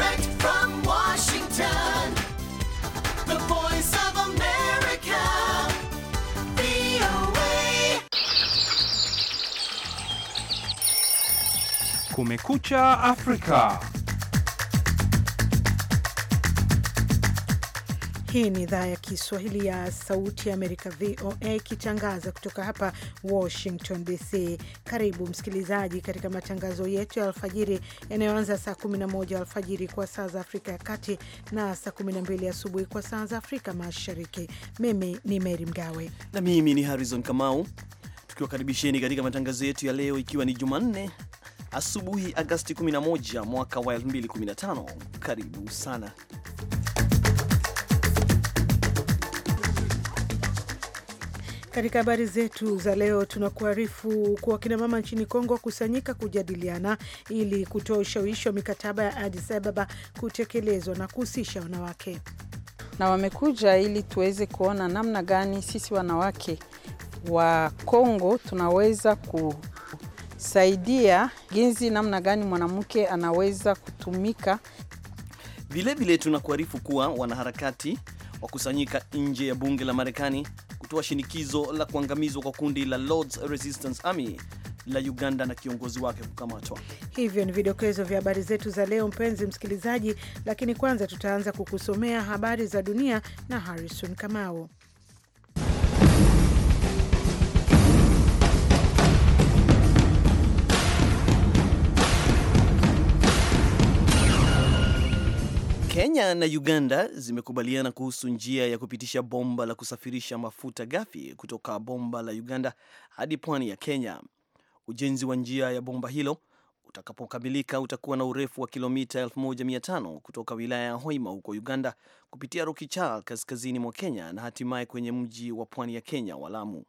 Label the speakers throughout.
Speaker 1: Direct from Washington, the voice of America, VOA.
Speaker 2: Kumekucha Afrika.
Speaker 3: Hii ni idhaa ya Kiswahili ya Sauti ya Amerika, VOA, ikitangaza kutoka hapa Washington DC. Karibu msikilizaji katika matangazo yetu ya alfajiri yanayoanza saa 11 alfajiri kwa saa za Afrika ya Kati na saa 12 asubuhi kwa saa za Afrika Mashariki. Mimi ni Meri Mgawe
Speaker 1: na mimi ni Harrison Kamau, tukiwakaribisheni katika matangazo yetu ya leo, ikiwa ni Jumanne asubuhi Agasti 11 mwaka wa 2015. Karibu sana
Speaker 3: Katika habari zetu za leo tunakuarifu kuwa wakinamama nchini Kongo wakusanyika kujadiliana ili kutoa ushawishi wa mikataba ya Addis Ababa kutekelezwa na kuhusisha wanawake, na wamekuja ili tuweze kuona namna gani sisi wanawake wa Kongo tunaweza kusaidia ginzi namna gani mwanamke anaweza kutumika.
Speaker 1: Vilevile tunakuarifu kuwa wanaharakati wakusanyika nje ya bunge la Marekani kutoa shinikizo la kuangamizwa kwa kundi la Lords Resistance Army la Uganda na kiongozi wake kukamatwa.
Speaker 3: Hivyo ni vidokezo vya habari zetu za leo, mpenzi msikilizaji, lakini kwanza tutaanza kukusomea habari za dunia na Harrison Kamau.
Speaker 1: Kenya na Uganda zimekubaliana kuhusu njia ya kupitisha bomba la kusafirisha mafuta ghafi kutoka bomba la Uganda hadi pwani ya Kenya. Ujenzi wa njia ya bomba hilo utakapokamilika utakuwa na urefu wa kilomita 1500 kutoka wilaya ya Hoima huko Uganda kupitia rokicha kaskazini mwa Kenya na hatimaye kwenye mji wa pwani ya Kenya wa Lamu.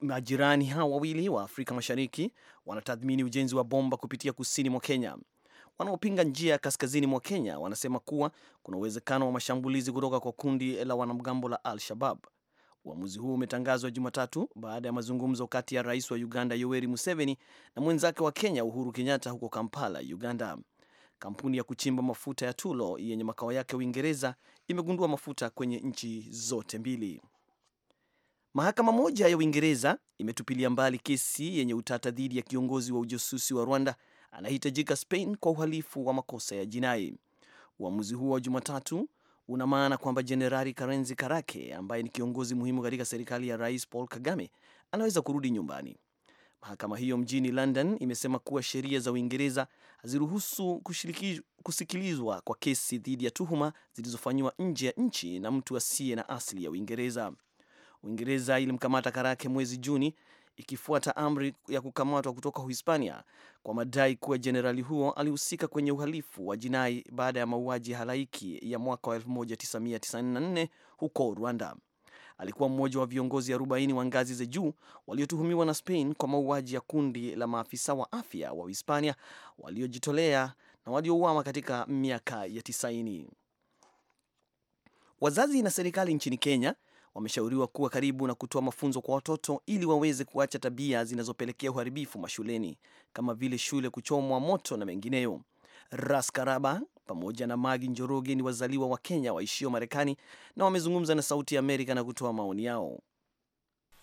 Speaker 1: Majirani hawa wawili wa Afrika Mashariki wanatathmini ujenzi wa bomba kupitia kusini mwa Kenya. Wanaopinga njia ya kaskazini mwa Kenya wanasema kuwa kuna uwezekano wa mashambulizi kutoka kwa kundi la wanamgambo la Al-Shabab. Uamuzi huo umetangazwa Jumatatu baada ya mazungumzo kati ya rais wa Uganda Yoweri Museveni na mwenzake wa Kenya Uhuru Kenyatta huko Kampala, Uganda. Kampuni ya kuchimba mafuta ya Tulo yenye makao yake Uingereza imegundua mafuta kwenye nchi zote mbili. Mahakama moja ya Uingereza imetupilia mbali kesi yenye utata dhidi ya kiongozi wa ujasusi wa Rwanda anahitajika Spain kwa uhalifu wa makosa ya jinai. Uamuzi huo wa Jumatatu una maana kwamba Jenerali Karenzi Karake ambaye ni kiongozi muhimu katika serikali ya Rais Paul Kagame anaweza kurudi nyumbani. Mahakama hiyo mjini London imesema kuwa sheria za Uingereza haziruhusu kusikilizwa kwa kesi dhidi ya tuhuma zilizofanyiwa nje ya nchi na mtu asiye na asili ya Uingereza. Uingereza ilimkamata Karake mwezi Juni ikifuata amri ya kukamatwa kutoka Uhispania kwa madai kuwa jenerali huo alihusika kwenye uhalifu wa jinai baada ya mauaji ya halaiki ya mwaka wa 1994 huko Rwanda. Alikuwa mmoja wa viongozi 40 wa ngazi za juu waliotuhumiwa na Spain kwa mauaji ya kundi la maafisa wa afya wa Uhispania waliojitolea na waliouawa katika miaka ya 90. Wazazi na serikali nchini Kenya wameshauriwa kuwa karibu na kutoa mafunzo kwa watoto ili waweze kuacha tabia zinazopelekea uharibifu mashuleni kama vile shule kuchomwa moto na mengineyo. Ras Karaba pamoja na Magi Njoroge ni wazaliwa wa Kenya waishio Marekani na wamezungumza na Sauti ya Amerika na kutoa maoni yao.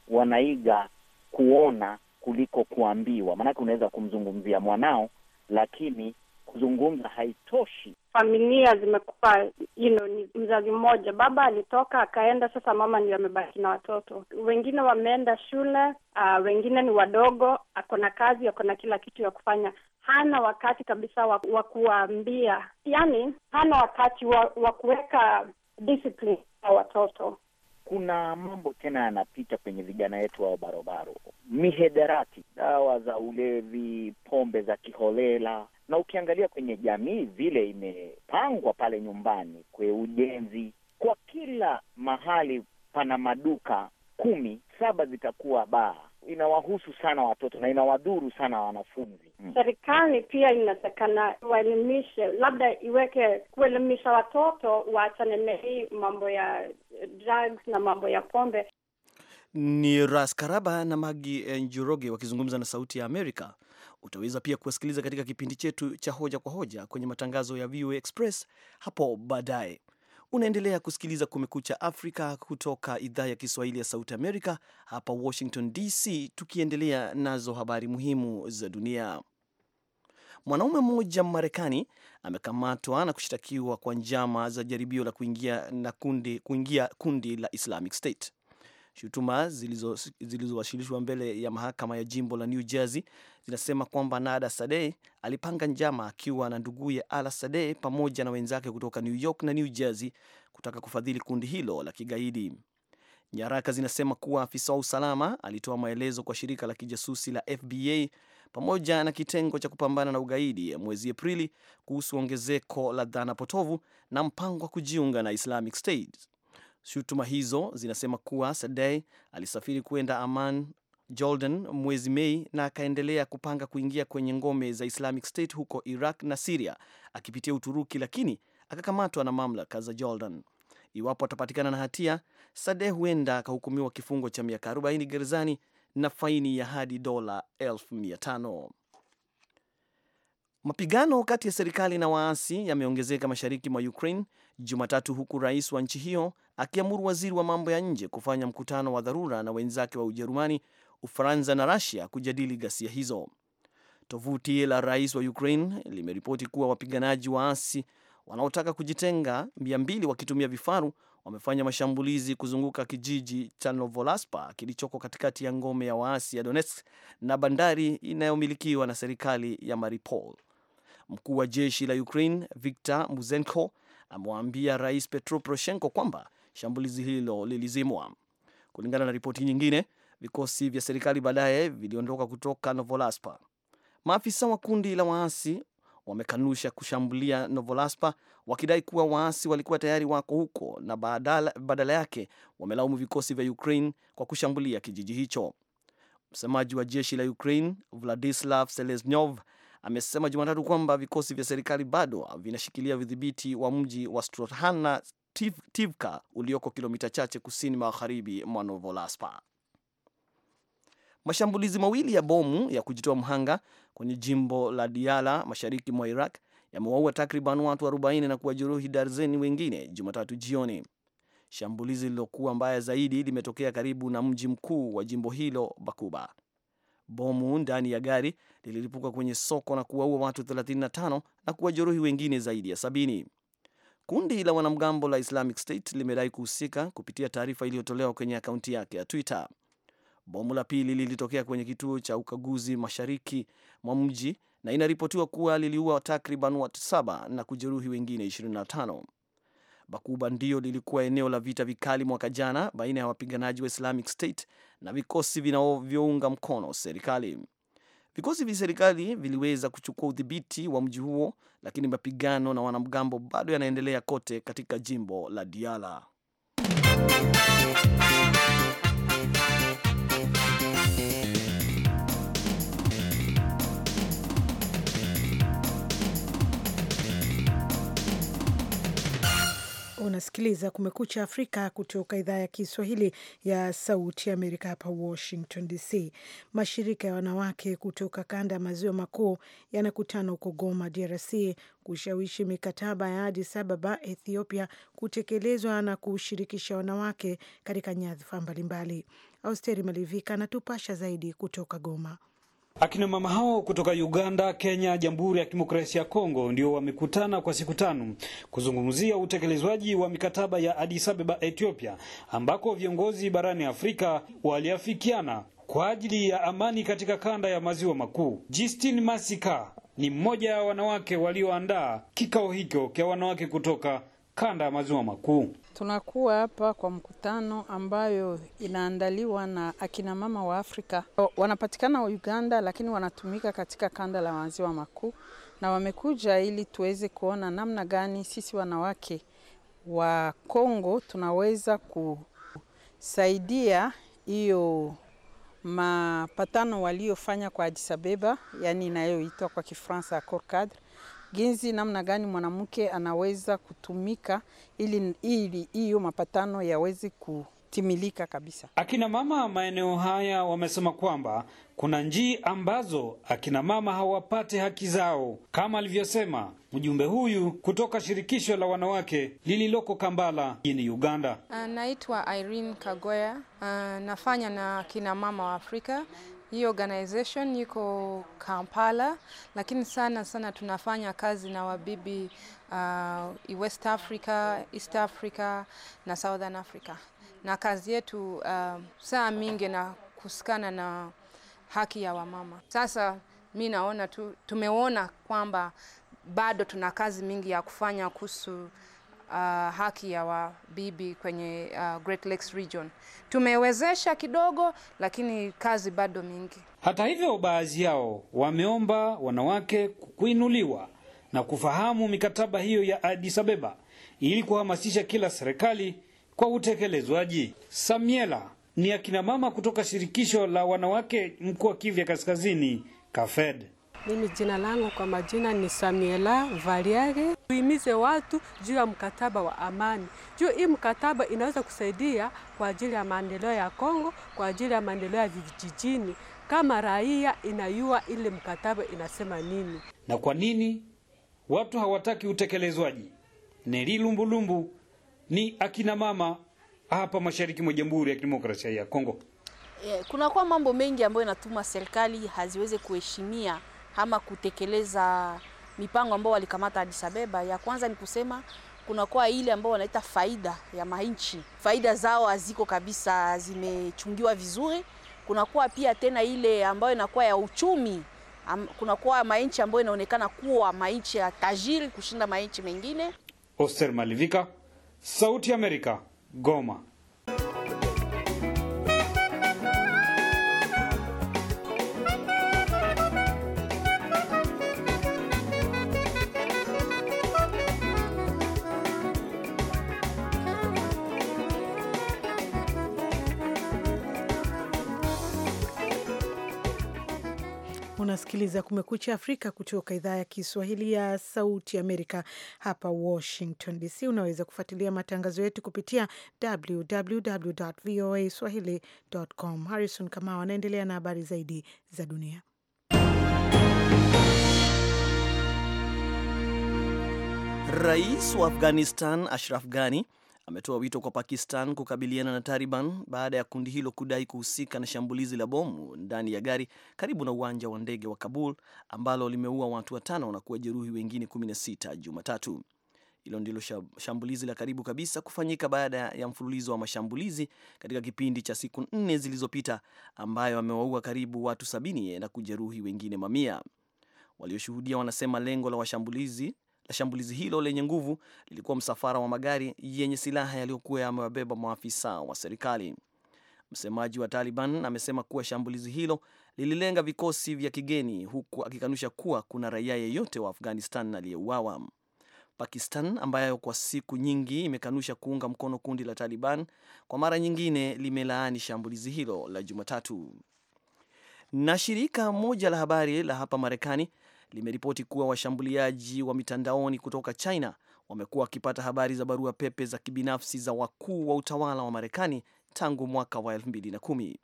Speaker 1: Wanaiga kuona kuliko kuambiwa, maanake unaweza kumzungumzia mwanao, lakini kuzungumza haitoshi
Speaker 4: familia zimekuwa you know, ni mzazi mmoja, baba alitoka akaenda, sasa mama ndio amebaki na watoto wengine. Wameenda shule, uh, wengine ni wadogo, ako na kazi, ako na kila kitu ya kufanya, hana wakati kabisa wa kuwaambia, yani hana wakati wa kuweka
Speaker 5: discipline
Speaker 1: watoto. Kuna mambo tena yanapita kwenye vijana wetu hao barobaro, mihedarati, dawa za ulevi, pombe za kiholela na ukiangalia kwenye jamii vile imepangwa pale nyumbani, kwe ujenzi kwa kila mahali pana maduka kumi, saba zitakuwa baa. Inawahusu sana watoto na inawadhuru sana wanafunzi.
Speaker 4: Mm. Serikali pia inatakana waelimishe, labda iweke kuelimisha watoto waachane na hii mambo ya drugs na mambo ya pombe.
Speaker 1: Ni Ras Karaba na Magi Njuroge wakizungumza na Sauti ya Amerika Utaweza pia kuwasikiliza katika kipindi chetu cha hoja kwa hoja kwenye matangazo ya VOA Express hapo baadaye. Unaendelea kusikiliza Kumekucha Afrika kutoka idhaa ya Kiswahili ya Sauti Amerika hapa Washington DC, tukiendelea nazo habari muhimu za dunia. Mwanaume mmoja Marekani amekamatwa na kushtakiwa kwa njama za jaribio la kuingia na kundi, kuingia kundi la Islamic State. Shutuma zilizowasilishwa mbele ya mahakama ya jimbo la New Jersey zinasema kwamba Nada Sade alipanga njama akiwa na nduguye Ala sade pamoja na wenzake kutoka New York na New Jersey kutaka kufadhili kundi hilo la kigaidi. Nyaraka zinasema kuwa afisa wa usalama alitoa maelezo kwa shirika la kijasusi la fba pamoja na kitengo cha kupambana na ugaidi mwezi Aprili kuhusu ongezeko la dhana potovu na mpango wa kujiunga na Islamic State. Shutuma hizo zinasema kuwa Sadei alisafiri kwenda aman Jordan mwezi Mei na akaendelea kupanga kuingia kwenye ngome za Islamic State huko Iraq na Siria akipitia Uturuki, lakini akakamatwa na mamlaka za Jordan. Iwapo atapatikana na hatia, Sadeh huenda akahukumiwa kifungo cha miaka 40 gerezani na faini ya hadi dola 5. Mapigano kati ya serikali na waasi yameongezeka mashariki mwa Ukraine Jumatatu, huku rais wa nchi hiyo akiamuru waziri wa mambo ya nje kufanya mkutano wa dharura na wenzake wa Ujerumani, Ufaransa na rasia kujadili ghasia hizo. Tovuti la rais wa Ukraine limeripoti kuwa wapiganaji waasi wanaotaka kujitenga mia mbili wakitumia vifaru wamefanya mashambulizi kuzunguka kijiji cha Novolaspa kilichoko katikati ya ngome ya waasi ya Donetsk na bandari inayomilikiwa na serikali ya Mariupol. Mkuu wa jeshi la Ukraine Viktor Muzenko amewaambia Rais Petro Poroshenko kwamba shambulizi hilo lilizimwa. Kulingana na ripoti nyingine, vikosi vya serikali baadaye viliondoka kutoka Novolaspa. Maafisa wa kundi la waasi wamekanusha kushambulia Novolaspa wakidai kuwa waasi walikuwa tayari wako huko na badala, badala yake wamelaumu vikosi vya Ukraine kwa kushambulia kijiji hicho. Msemaji wa jeshi la Ukraine Vladislav Selesnyov amesema Jumatatu kwamba vikosi vya serikali bado vinashikilia udhibiti wa mji wa Strohana Tiv Tivka ulioko kilomita chache kusini magharibi mwa Novolaspa. Mashambulizi mawili ya bomu ya kujitoa mhanga kwenye jimbo la Diyala mashariki mwa Iraq yamewaua takriban watu 40 na kuwajeruhi darzeni wengine Jumatatu jioni. Shambulizi lililokuwa mbaya zaidi limetokea karibu na mji mkuu wa jimbo hilo Bakuba. Bomu ndani ya gari lililipuka kwenye soko na kuwaua watu 35 na kuwajeruhi wengine zaidi ya sabini. Kundi la wanamgambo la Islamic State limedai kuhusika kupitia taarifa iliyotolewa kwenye akaunti yake ya Twitter. Bomu la pili lilitokea kwenye kituo cha ukaguzi mashariki mwa mji na inaripotiwa kuwa liliua takriban watu saba na kujeruhi wengine 25. Bakuba ndio lilikuwa eneo la vita vikali mwaka jana baina ya wapiganaji wa Islamic State na vikosi vinavyounga mkono serikali. Vikosi vya serikali viliweza kuchukua udhibiti wa mji huo, lakini mapigano na wanamgambo bado yanaendelea kote katika jimbo la Diala.
Speaker 3: Unasikiliza Kumekucha Afrika kutoka idhaa ya Kiswahili ya Sauti ya Amerika, hapa Washington DC. Mashirika ya wanawake kutoka kanda ya maziwa makuu yanakutana huko Goma, DRC, kushawishi mikataba ya hadi Ababa, Ethiopia, kutekelezwa na kushirikisha wanawake katika nyadhifa mbalimbali. Austeri Malivika anatupasha zaidi kutoka Goma.
Speaker 2: Akina mama hao kutoka Uganda, Kenya, Jamhuri ya Kidemokrasia ya Kongo ndio wamekutana kwa siku tano kuzungumzia utekelezwaji wa mikataba ya Addis Ababa, Ethiopia, ambako viongozi barani Afrika waliafikiana kwa ajili ya amani katika kanda ya maziwa makuu. justin Masika ni mmoja wa wanawake walioandaa kikao hicho cha wanawake kutoka kanda ya maziwa makuu.
Speaker 3: Tunakuwa hapa kwa mkutano ambayo inaandaliwa na akina mama wa Afrika. Wanapatikana wa Uganda, lakini wanatumika katika kanda la maziwa makuu, na wamekuja ili tuweze kuona namna gani sisi wanawake wa Kongo tunaweza kusaidia hiyo mapatano waliofanya kwa Addis Ababa, yani inayoitwa kwa Kifaransa accord cadre jinsi namna gani mwanamke anaweza kutumika ili ili hiyo mapatano yaweze kutimilika kabisa.
Speaker 2: Akina mama maeneo haya wamesema kwamba kuna njia ambazo akina mama hawapate haki zao, kama alivyosema mjumbe huyu kutoka shirikisho la wanawake lililoko Kampala nchini Uganda.
Speaker 3: Uh, naitwa Irene Kagoya, uh, nafanya na akina mama wa Afrika hii organization iko Kampala, lakini sana sana tunafanya kazi na wabibi uh, West Africa, East Africa na Southern Africa, na kazi yetu uh, saa mingi na kusikana na haki ya wamama. Sasa mi naona tu tumeona kwamba bado tuna kazi mingi ya kufanya kuhusu uh, haki ya wabibi kwenye uh, Great Lakes Region. Tumewezesha kidogo, lakini kazi bado mingi.
Speaker 2: Hata hivyo, baadhi yao wameomba wanawake kuinuliwa na kufahamu mikataba hiyo ya Addis Ababa ili kuhamasisha kila serikali kwa utekelezwaji. Samiela ni akina mama kutoka shirikisho la wanawake mkoa Kivu Kaskazini, Kafed.
Speaker 3: Mimi jina langu kwa majina ni Samiela Variage. Tuimize watu juu ya mkataba wa amani, juu hii mkataba inaweza kusaidia kwa ajili ya maendeleo ya Kongo, kwa ajili ya maendeleo ya vijijini, kama raia inayua ile mkataba inasema nini
Speaker 2: na kwa nini watu hawataki utekelezwaji. Neli Lumbulumbu ni akina mama hapa mashariki mwa Jamhuri ya Kidemokrasia ya Kongo.
Speaker 4: Eh, kunakuwa mambo mengi ambayo inatuma serikali haziweze kuheshimia ama kutekeleza mipango ambao walikamata Addis Ababa. Ya kwanza ni kusema kunakuwa ile ambao wanaita faida ya mainchi, faida zao haziko kabisa, zimechungiwa vizuri. Kunakuwa pia tena ile ambayo inakuwa ya uchumi am, kunakuwa mainchi ambayo inaonekana kuwa mainchi ya tajiri kushinda mainchi mengine.
Speaker 2: Oster Malivika, Sauti ya Amerika, Goma.
Speaker 3: Unasikiliza Kumekucha Afrika kutoka idhaa ya Kiswahili ya Sauti Amerika hapa Washington DC. Unaweza kufuatilia matangazo yetu kupitia www voa swahili.com. Harrison Kamau anaendelea na habari zaidi za dunia.
Speaker 1: Rais wa Afghanistan Ashraf Ghani ametoa wito kwa Pakistan kukabiliana na Taliban baada ya kundi hilo kudai kuhusika na shambulizi la bomu ndani ya gari karibu na uwanja wa ndege wa Kabul ambalo limeua watu watano na kuwajeruhi wengine 16 Jumatatu. Hilo ndilo shambulizi la karibu kabisa kufanyika baada ya mfululizo wa mashambulizi katika kipindi cha siku nne zilizopita ambayo amewaua karibu watu sabini na kujeruhi wengine mamia. Walioshuhudia wanasema lengo la washambulizi la shambulizi hilo lenye nguvu lilikuwa msafara wa magari yenye silaha yaliyokuwa yamewabeba maafisa wa serikali. Msemaji wa Taliban amesema kuwa shambulizi hilo lililenga vikosi vya kigeni, huku akikanusha kuwa kuna raia yeyote wa Afghanistan aliyeuawa. Pakistan ambayo kwa siku nyingi imekanusha kuunga mkono kundi la Taliban kwa mara nyingine limelaani shambulizi hilo la Jumatatu. Na shirika moja la habari la hapa Marekani limeripoti kuwa washambuliaji wa mitandaoni kutoka China wamekuwa wakipata habari za barua pepe za kibinafsi za wakuu wa utawala wa Marekani tangu mwaka wa 2010.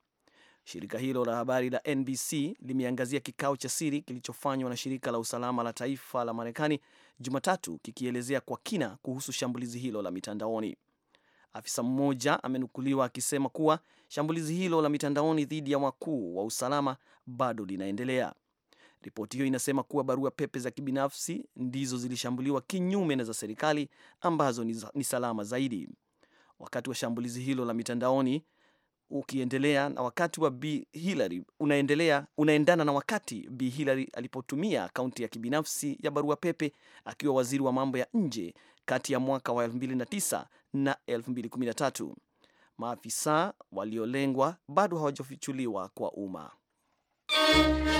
Speaker 1: Shirika hilo la habari la NBC limeangazia kikao cha siri kilichofanywa na shirika la usalama la taifa la Marekani Jumatatu, kikielezea kwa kina kuhusu shambulizi hilo la mitandaoni. Afisa mmoja amenukuliwa akisema kuwa shambulizi hilo la mitandaoni dhidi ya wakuu wa usalama bado linaendelea. Ripoti hiyo inasema kuwa barua pepe za kibinafsi ndizo zilishambuliwa kinyume na za serikali ambazo ni salama zaidi. Wakati wa shambulizi hilo la mitandaoni ukiendelea na wakati wa Bi Hillary unaendelea unaendana na wakati Bi Hillary alipotumia akaunti ya kibinafsi ya barua pepe akiwa waziri wa mambo ya nje kati ya mwaka wa 2009 na 2013. Maafisa waliolengwa bado hawajafichuliwa kwa umma.
Speaker 3: Thank you.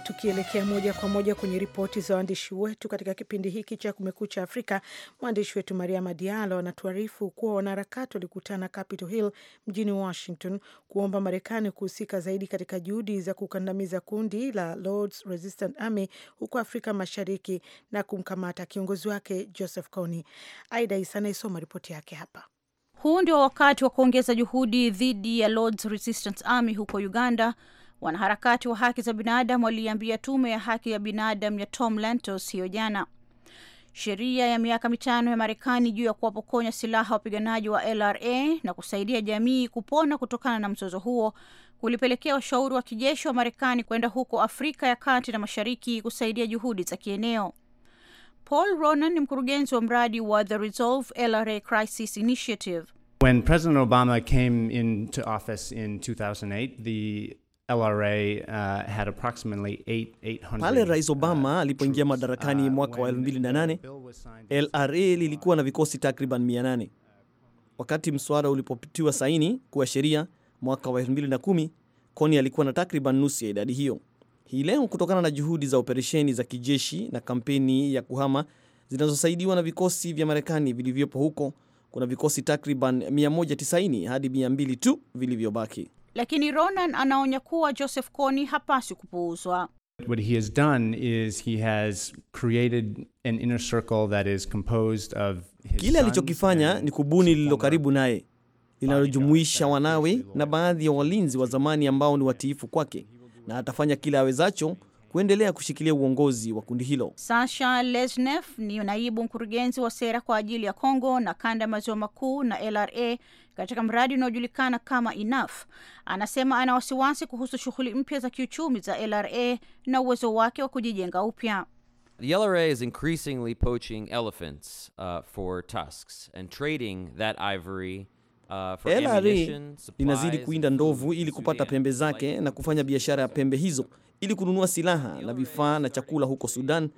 Speaker 3: tukielekea moja kwa moja kwenye ripoti za waandishi wetu katika kipindi hiki cha Kumekucha Afrika, mwandishi wetu maria madialo anatuarifu kuwa wanaharakati walikutana Capitol Hill mjini Washington kuomba Marekani kuhusika zaidi katika juhudi za kukandamiza kundi la Lords Resistance Army huko Afrika Mashariki na kumkamata kiongozi wake Joseph Kony. Aida Isa anayesoma
Speaker 4: ripoti yake hapa. Huu ndio wakati wa kuongeza juhudi dhidi ya Lords Resistance Army huko Uganda Wanaharakati wa haki za binadamu waliambia tume ya haki ya binadamu ya Tom Lantos hiyo jana. Sheria ya miaka mitano ya Marekani juu ya kuwapokonya silaha wapiganaji wa LRA na kusaidia jamii kupona kutokana na mzozo huo kulipelekea washauri wa kijeshi wa Marekani kwenda huko Afrika ya Kati na Mashariki kusaidia juhudi za kieneo. Paul Ronan ni mkurugenzi wa mradi wa The Resolve LRA Crisis Initiative.
Speaker 3: When President Obama came into office in 2008, the LRA, uh, had approximately 800. Pale
Speaker 1: Rais uh, Obama alipoingia madarakani uh, mwaka wa 2008, LRA lilikuwa na vikosi takriban 800. Wakati mswada ulipopitiwa saini kuwa sheria mwaka wa 2010, koni alikuwa na takriban nusu ya idadi hiyo. Hii leo, kutokana na juhudi za operesheni za kijeshi na kampeni ya kuhama zinazosaidiwa na vikosi vya Marekani vilivyopo huko, kuna vikosi takriban 190 hadi 200 tu vilivyobaki
Speaker 4: lakini Ronan anaonya kuwa Joseph Kony hapaswi kupuuzwa.
Speaker 1: What he has done is he has created an inner circle that is composed of his Kile alichokifanya ni kubuni lililo karibu naye linalojumuisha wanawe na baadhi ya walinzi wa zamani ambao ni watiifu kwake, na atafanya kile awezacho kuendelea kushikilia uongozi wa kundi hilo.
Speaker 4: Sasha Lesnef ni naibu mkurugenzi wa sera kwa ajili ya Kongo na kanda ya maziwa makuu na LRA katika mradi unaojulikana kama Enough. Anasema ana wasiwasi kuhusu shughuli mpya za kiuchumi za LRA na uwezo wake wa kujijenga upya.
Speaker 3: The LRA is increasingly poaching elephants uh, for tusks and trading that ivory Uh, for LRA inazidi kuinda
Speaker 1: ndovu ili kupata pembe zake na kufanya biashara ya pembe hizo ili kununua silaha na vifaa na chakula huko Sudan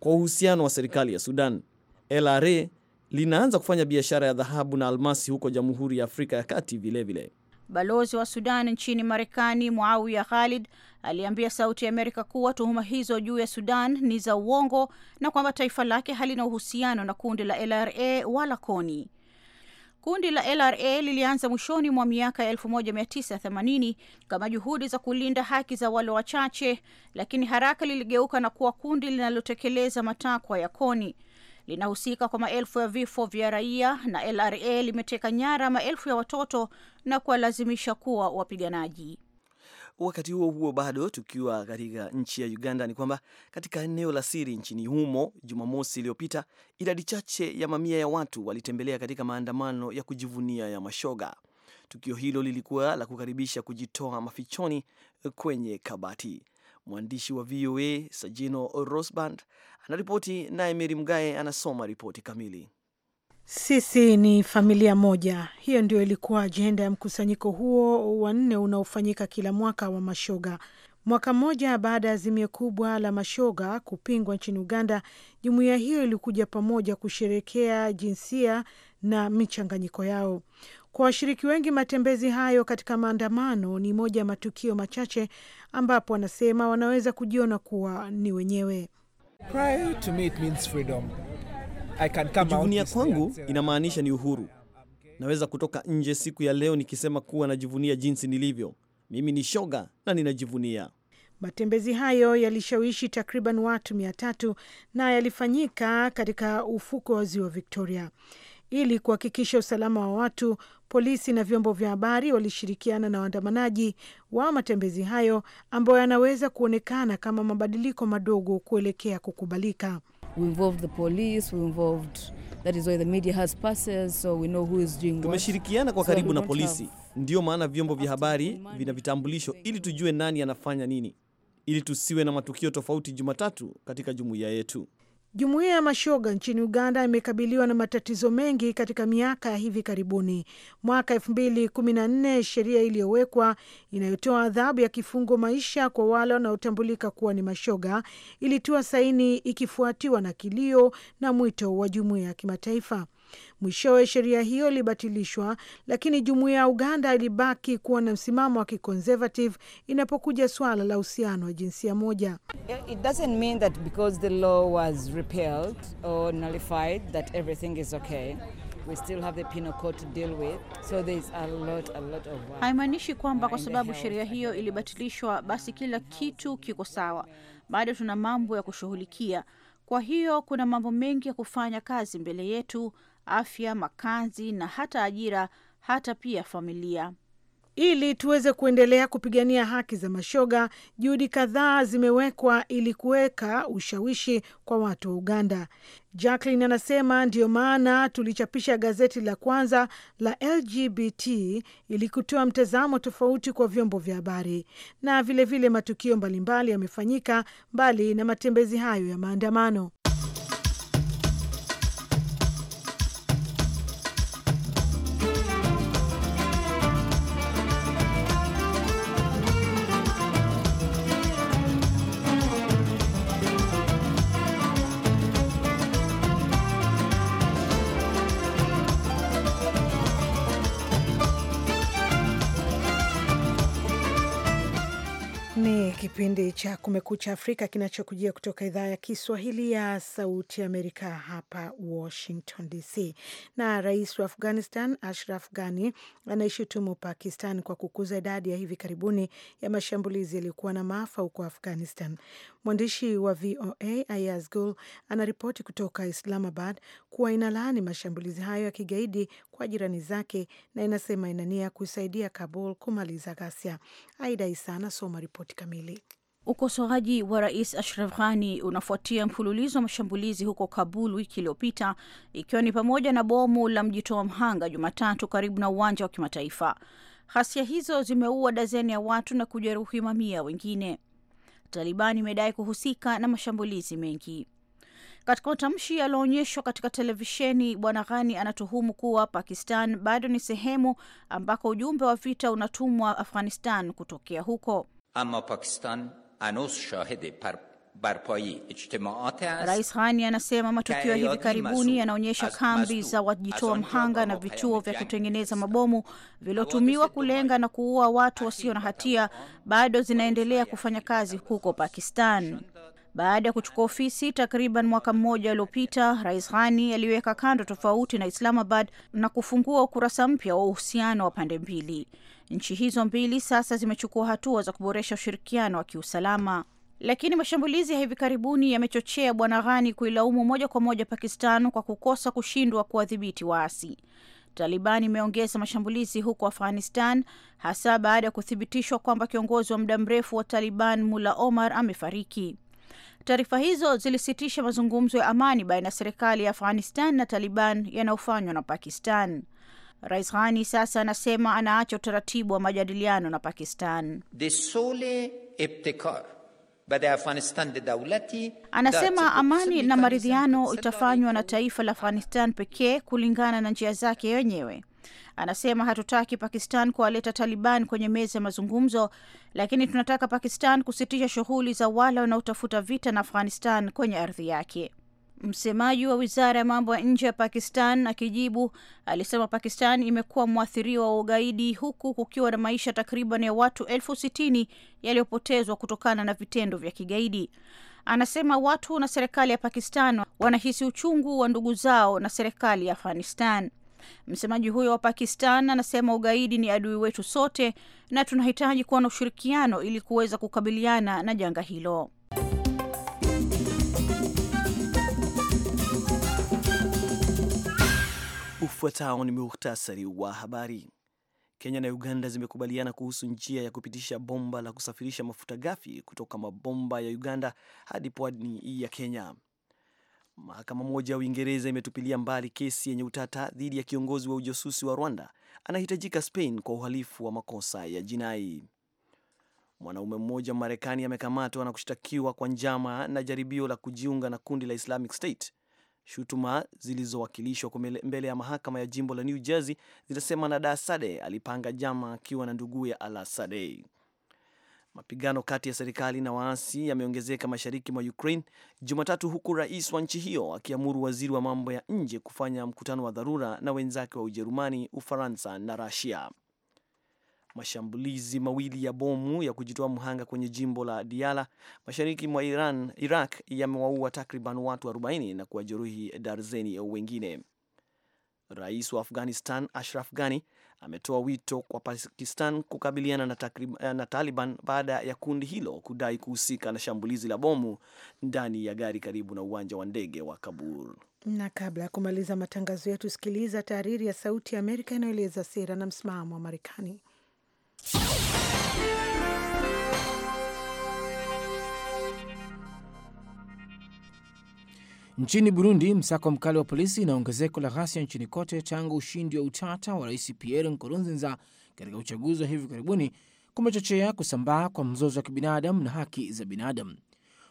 Speaker 1: kwa uhusiano wa serikali ya Sudan. LRA linaanza kufanya biashara ya dhahabu na almasi huko Jamhuri ya Afrika ya Kati vilevile
Speaker 4: Balozi wa Sudan nchini Marekani Muawiya Khalid aliambia Sauti ya Amerika kuwa tuhuma hizo juu ya Sudan ni za uongo na kwamba taifa lake halina uhusiano na kundi la LRA wala KONI. Kundi la LRA lilianza mwishoni mwa miaka ya 1980 kama juhudi za kulinda haki za wale wachache, lakini haraka liligeuka na kuwa kundi linalotekeleza matakwa ya KONI linahusika kwa maelfu ya vifo vya raia na LRA limeteka nyara maelfu ya watoto na kuwalazimisha kuwa wapiganaji.
Speaker 1: Wakati huo huo, bado tukiwa katika nchi ya Uganda, ni kwamba katika eneo la siri nchini humo Jumamosi iliyopita, idadi chache ya mamia ya watu walitembelea katika maandamano ya kujivunia ya mashoga. Tukio hilo lilikuwa la kukaribisha kujitoa mafichoni kwenye kabati. Mwandishi wa VOA Sajino Rosband anaripoti, naye Meri Mgae anasoma ripoti kamili. Sisi
Speaker 3: ni familia moja. Hiyo ndio ilikuwa ajenda ya mkusanyiko huo wa nne unaofanyika kila mwaka wa mashoga. Mwaka mmoja baada ya azimio kubwa la mashoga kupingwa nchini Uganda, jumuiya hiyo ilikuja pamoja kusherekea jinsia na michanganyiko yao. Kwa washiriki wengi, matembezi hayo katika maandamano ni moja ya matukio machache ambapo wanasema wanaweza kujiona kuwa ni wenyewe.
Speaker 1: Kujivunia kwangu inamaanisha ni uhuru. Naweza kutoka nje siku ya leo nikisema kuwa najivunia jinsi nilivyo. Mimi ni shoga na ninajivunia.
Speaker 3: Matembezi hayo yalishawishi takriban watu mia tatu na yalifanyika katika ufuko wa ziwa Victoria. Ili kuhakikisha usalama wa watu, polisi na vyombo vya habari walishirikiana na waandamanaji wa matembezi hayo ambayo yanaweza kuonekana kama mabadiliko madogo kuelekea kukubalika. Tumeshirikiana kwa karibu so na polisi,
Speaker 1: ndiyo maana vyombo vya habari vina vitambulisho ili tujue nani anafanya nini, ili tusiwe na matukio tofauti Jumatatu katika jumuiya yetu.
Speaker 3: Jumuiya ya mashoga nchini Uganda imekabiliwa na matatizo mengi katika miaka ya hivi karibuni. Mwaka elfu mbili kumi na nne sheria iliyowekwa inayotoa adhabu ya kifungo maisha kwa wale wanaotambulika kuwa ni mashoga ilitiwa saini ikifuatiwa na kilio na mwito wa jumuiya ya kimataifa. Mwishowe sheria hiyo ilibatilishwa, lakini jumuiya ya Uganda ilibaki kuwa na msimamo wa kiconservative inapokuja swala la uhusiano wa jinsia moja. Haimaanishi
Speaker 4: kwamba kwa sababu sheria hiyo ilibatilishwa basi kila kitu kiko sawa. Bado tuna mambo ya kushughulikia. Kwa hiyo kuna mambo mengi ya kufanya kazi mbele yetu afya, makazi na hata ajira, hata pia familia. Ili tuweze kuendelea
Speaker 3: kupigania haki za mashoga, juhudi kadhaa zimewekwa ili kuweka ushawishi kwa watu wa Uganda. Jacqueline anasema ndiyo maana tulichapisha gazeti la kwanza la LGBT ili kutoa mtazamo tofauti kwa vyombo vya habari, na vilevile vile matukio mbalimbali yamefanyika mbali na matembezi hayo ya maandamano. cha Kumekucha Afrika kinachokujia kutoka idhaa ya Kiswahili ya Sauti Amerika hapa Washington DC. Na rais wa Afghanistan Ashraf Ghani anaishutumu Pakistan kwa kukuza idadi ya hivi karibuni ya mashambulizi yaliyokuwa na maafa huko Afghanistan. Mwandishi wa VOA Ayaz Gul anaripoti kutoka Islamabad kuwa inalaani mashambulizi hayo ya kigaidi kwa jirani zake na inasema inania kusaidia kuisaidia Kabul kumaliza ghasia.
Speaker 4: Aida Isa anasoma ripoti kamili. Ukosoaji wa rais Ashraf Ghani unafuatia mfululizo wa mashambulizi huko Kabul wiki iliyopita, ikiwa ni pamoja na bomu la mjitoa mhanga Jumatatu karibu na uwanja wa kimataifa. Ghasia hizo zimeua dazeni ya watu na kujeruhi mamia wengine. Taliban imedai kuhusika na mashambulizi mengi. Katika matamshi yaliyoonyeshwa katika televisheni, Bwana Ghani anatuhumu kuwa Pakistan bado ni sehemu ambako ujumbe wa vita unatumwa Afghanistan kutokea huko.
Speaker 5: Ama Pakistan Rais
Speaker 4: Ghani anasema matukio ya hivi karibuni yanaonyesha kambi za wajitoa mhanga na vituo vya kutengeneza mabomu viliotumiwa kulenga na kuua watu wasio na hatia bado zinaendelea kufanya kazi huko Pakistan. Baada ya kuchukua ofisi takriban mwaka mmoja uliopita, Rais Ghani aliweka kando tofauti na Islamabad na kufungua ukurasa mpya wa uhusiano wa pande mbili. Nchi hizo mbili sasa zimechukua hatua za kuboresha ushirikiano wa kiusalama. Lakini mashambulizi ya hivi karibuni yamechochea Bwana Ghani kuilaumu moja kwa moja Pakistan kwa kukosa kushindwa kuwadhibiti waasi. Taliban imeongeza mashambulizi huko Afghanistan, hasa baada ya kuthibitishwa kwamba kiongozi wa muda mrefu wa Taliban Mullah Omar amefariki. Taarifa hizo zilisitisha mazungumzo ya amani baina ya serikali ya Afghanistan na Taliban yanayofanywa na Pakistan. Rais Ghani sasa anasema anaacha utaratibu wa majadiliano na Pakistan.
Speaker 5: Anasema
Speaker 4: amani na maridhiano itafanywa na taifa la Afghanistan pekee kulingana na njia zake wenyewe. Anasema hatutaki Pakistan kuwaleta Taliban kwenye meza ya mazungumzo, lakini tunataka Pakistan kusitisha shughuli za wale wanaotafuta vita na Afghanistan kwenye ardhi yake. Msemaji wa wizara ya mambo ya nje ya Pakistan akijibu alisema Pakistan imekuwa mwathiriwa wa ugaidi huku kukiwa na maisha takriban ya watu elfu sitini yaliyopotezwa kutokana na vitendo vya kigaidi. Anasema watu na serikali ya Pakistan wanahisi uchungu wa ndugu zao na serikali ya Afghanistan. Msemaji huyo wa Pakistan anasema ugaidi ni adui wetu sote na tunahitaji kuwa na ushirikiano ili kuweza kukabiliana na janga hilo.
Speaker 1: Ufuatao ni muhtasari wa habari. Kenya na Uganda zimekubaliana kuhusu njia ya kupitisha bomba la kusafirisha mafuta ghafi kutoka mabomba ya Uganda hadi pwani ya Kenya. Mahakama moja ya Uingereza imetupilia mbali kesi yenye utata dhidi ya kiongozi wa ujasusi wa Rwanda anahitajika Spain kwa uhalifu wa makosa ya jinai. Mwanaume mmoja Marekani amekamatwa na kushtakiwa kwa njama na jaribio la kujiunga na kundi la Islamic State. Shutuma zilizowakilishwa mbele ya mahakama ya jimbo la New Jersey zinasema Nada Sade alipanga njama akiwa na nduguye Ala sadei Mapigano kati ya serikali na waasi yameongezeka mashariki mwa Ukraine Jumatatu, huku rais wa nchi hiyo akiamuru waziri wa mambo ya nje kufanya mkutano wa dharura na wenzake wa Ujerumani, Ufaransa na Rasia. Mashambulizi mawili ya bomu ya kujitoa mhanga kwenye jimbo la diala mashariki mwa Iran, Iraq yamewaua takriban watu 40 na kuwajeruhi darzeni wengine. Rais wa Afghanistan Ashraf Ghani ametoa wito kwa Pakistan kukabiliana na, eh, na Taliban baada ya kundi hilo kudai kuhusika na shambulizi la bomu ndani ya gari karibu na uwanja wa ndege wa Kabul.
Speaker 3: Na kabla ya kumaliza matangazo yetu, sikiliza tahariri ya Sauti ya Amerika inayoeleza sera na msimamo wa Marekani.
Speaker 5: Nchini Burundi, msako mkali wa polisi na ongezeko la ghasia nchini kote tangu ushindi wa utata wa rais Pierre Nkurunziza katika uchaguzi wa hivi karibuni kumechochea kusambaa kwa mzozo wa kibinadamu na haki za binadamu.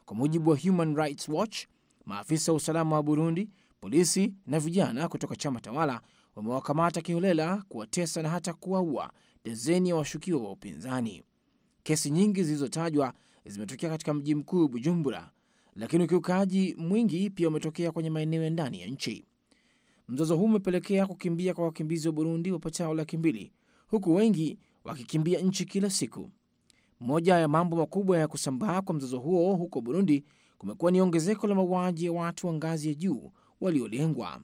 Speaker 5: Kwa mujibu wa Human Rights Watch, maafisa wa usalama wa Burundi, polisi na vijana kutoka chama tawala wamewakamata kiholela, kuwatesa na hata kuwaua dazeni ya washukiwa wa upinzani. Kesi nyingi zilizotajwa zimetokea katika mji mkuu Bujumbura, lakini ukiukaji mwingi pia umetokea kwenye maeneo ya ndani ya nchi. Mzozo huu umepelekea kukimbia kwa wakimbizi wa Burundi wapatao laki mbili huku wengi wakikimbia nchi kila siku. Moja ya mambo makubwa ya kusambaa kwa mzozo huo huko Burundi kumekuwa ni ongezeko la mauaji ya watu wa ngazi ya juu waliolengwa.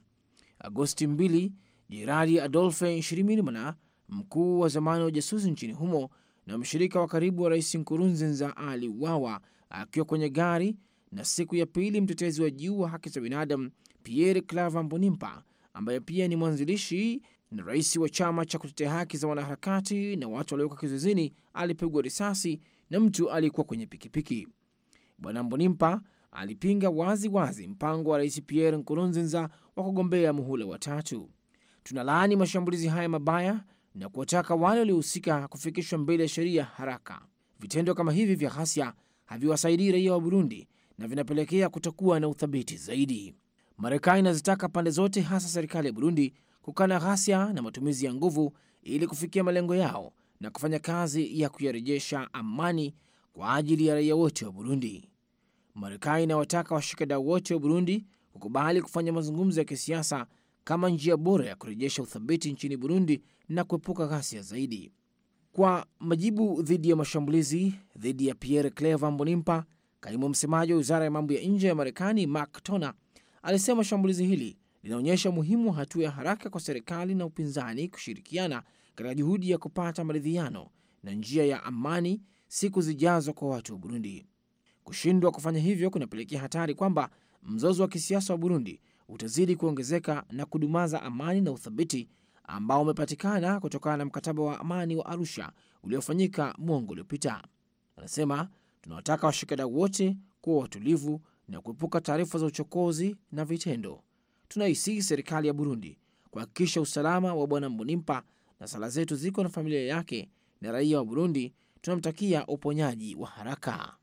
Speaker 5: Agosti 2 Jenerali Adolphe Nshimirimana, mkuu wa zamani wa ujasusi nchini humo na mshirika wa karibu wa rais Nkurunziza, aliuawa akiwa kwenye gari na siku ya pili mtetezi wa juu wa haki za binadamu Pierre Claver Mbonimpa ambaye pia ni mwanzilishi na rais wa chama cha kutetea haki za wanaharakati na watu waliowekwa kizuizini alipigwa risasi na mtu aliyekuwa kwenye pikipiki. Bwana Mbonimpa alipinga wazi wazi mpango wa rais Pierre Nkurunziza wa kugombea muhula wa tatu. Tunalaani mashambulizi haya mabaya na kuwataka wale waliohusika kufikishwa mbele ya sheria haraka. Vitendo kama hivi vya ghasia haviwasaidii raia wa Burundi na vinapelekea kutokuwa na uthabiti zaidi. Marekani inazitaka pande zote, hasa serikali ya Burundi, kukana ghasia na matumizi ya nguvu ili kufikia malengo yao na kufanya kazi ya kuyarejesha amani kwa ajili ya raia wote wa Burundi. Marekani inawataka washikadau wote wa Burundi kukubali kufanya mazungumzo ya kisiasa kama njia bora ya kurejesha uthabiti nchini Burundi na kuepuka ghasia zaidi. Kwa majibu dhidi ya mashambulizi dhidi ya Pierre Claver Mbonimpa Kaimu msemaji wa wizara ya mambo ya nje ya Marekani Mark Tona alisema shambulizi hili linaonyesha umuhimu wa hatua ya haraka kwa serikali na upinzani kushirikiana katika juhudi ya kupata maridhiano na njia ya amani siku zijazo kwa watu wa Burundi. Kushindwa kufanya hivyo kunapelekea hatari kwamba mzozo wa kisiasa wa Burundi utazidi kuongezeka na kudumaza amani na uthabiti ambao umepatikana kutokana na mkataba wa amani wa Arusha uliofanyika mwongo uliopita. Anasema Tunawataka washikadau wote kuwa watulivu na kuepuka taarifa za uchokozi na vitendo. Tunaisihi serikali ya Burundi kuhakikisha usalama wa Bwana Mbonimpa, na sala zetu ziko na familia yake na raia wa Burundi. Tunamtakia uponyaji wa haraka.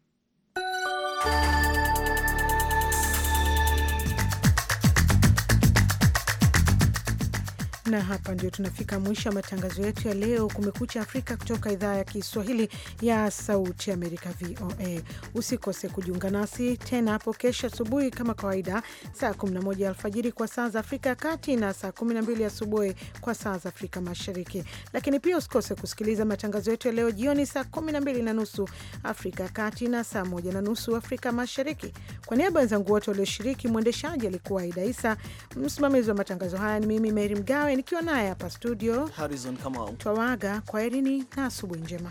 Speaker 3: Na hapa ndio tunafika mwisho wa matangazo yetu ya leo, Kumekucha Afrika, kutoka idhaa ya Kiswahili ya Sauti Amerika, VOA. Usikose kujiunga nasi tena hapo kesho asubuhi kama kawaida, saa 11 alfajiri kwa saa za Afrika ya Kati na saa 12 asubuhi kwa saa za Afrika Mashariki. Lakini pia usikose kusikiliza matangazo yetu ya leo jioni, saa 12 na nusu Afrika ya Kati na saa 1 na nusu Afrika Mashariki. Kwa niaba wenzangu wote walioshiriki, mwendeshaji alikuwa Aida Isa, msimamizi wa matangazo haya ni mimi Meri Mgawe nikiwa naye hapa studio
Speaker 1: Harrison Kamau,
Speaker 3: twawaga kwaherini na asubuhi njema.